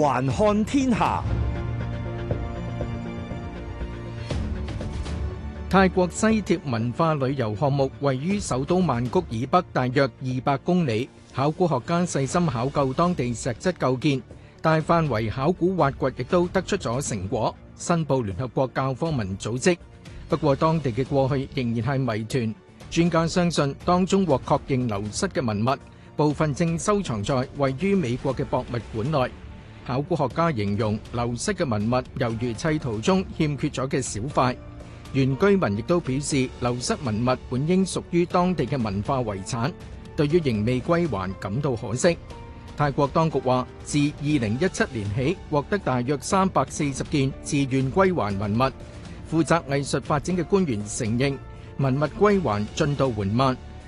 環看天下，泰國西鐵文化旅遊項目位於首都曼谷以北大約二百公里。考古學家細心考究當地石質構建，大範圍考古挖掘亦都得出咗成果。申報聯合國教科文組織，不過當地嘅過去仍然係謎團。專家相信，當中獲確認流失嘅文物部分正收藏在位於美國嘅博物館內。考古學家形容流失嘅文物猶如砌圖中欠缺咗嘅小塊，原居民亦都表示流失文物本應屬於當地嘅文化遺產，對於仍未歸還感到可惜。泰國當局話，自2017年起獲得大約340件自願歸還文物。負責藝術發展嘅官員承認文物歸還進度緩慢。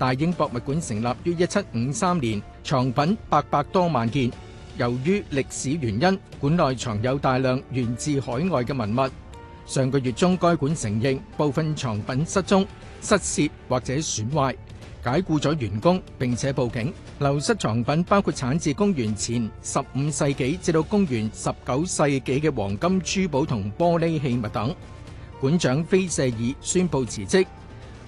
大英博物館成立於一七五三年，藏品八百,百多萬件。由於歷史原因，館內藏有大量源自海外嘅文物。上個月中該，該館承認部分藏品失蹤、失竊或者損壞，解雇咗員工，並且報警。流失藏品包括產自公元前十五世紀至到公元十九世紀嘅黃金、珠寶同玻璃器物等。館長菲舍爾宣布辭職。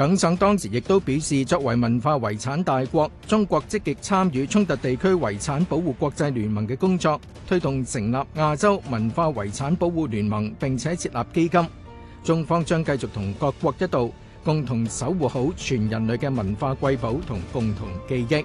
耿爽當時亦都表示，作為文化遺產大國，中國積極參與衝突地區遺產保護國際聯盟嘅工作，推動成立亞洲文化遺產保護聯盟並且設立基金。中方將繼續同各國一道，共同守護好全人類嘅文化瑰寶同共同記憶。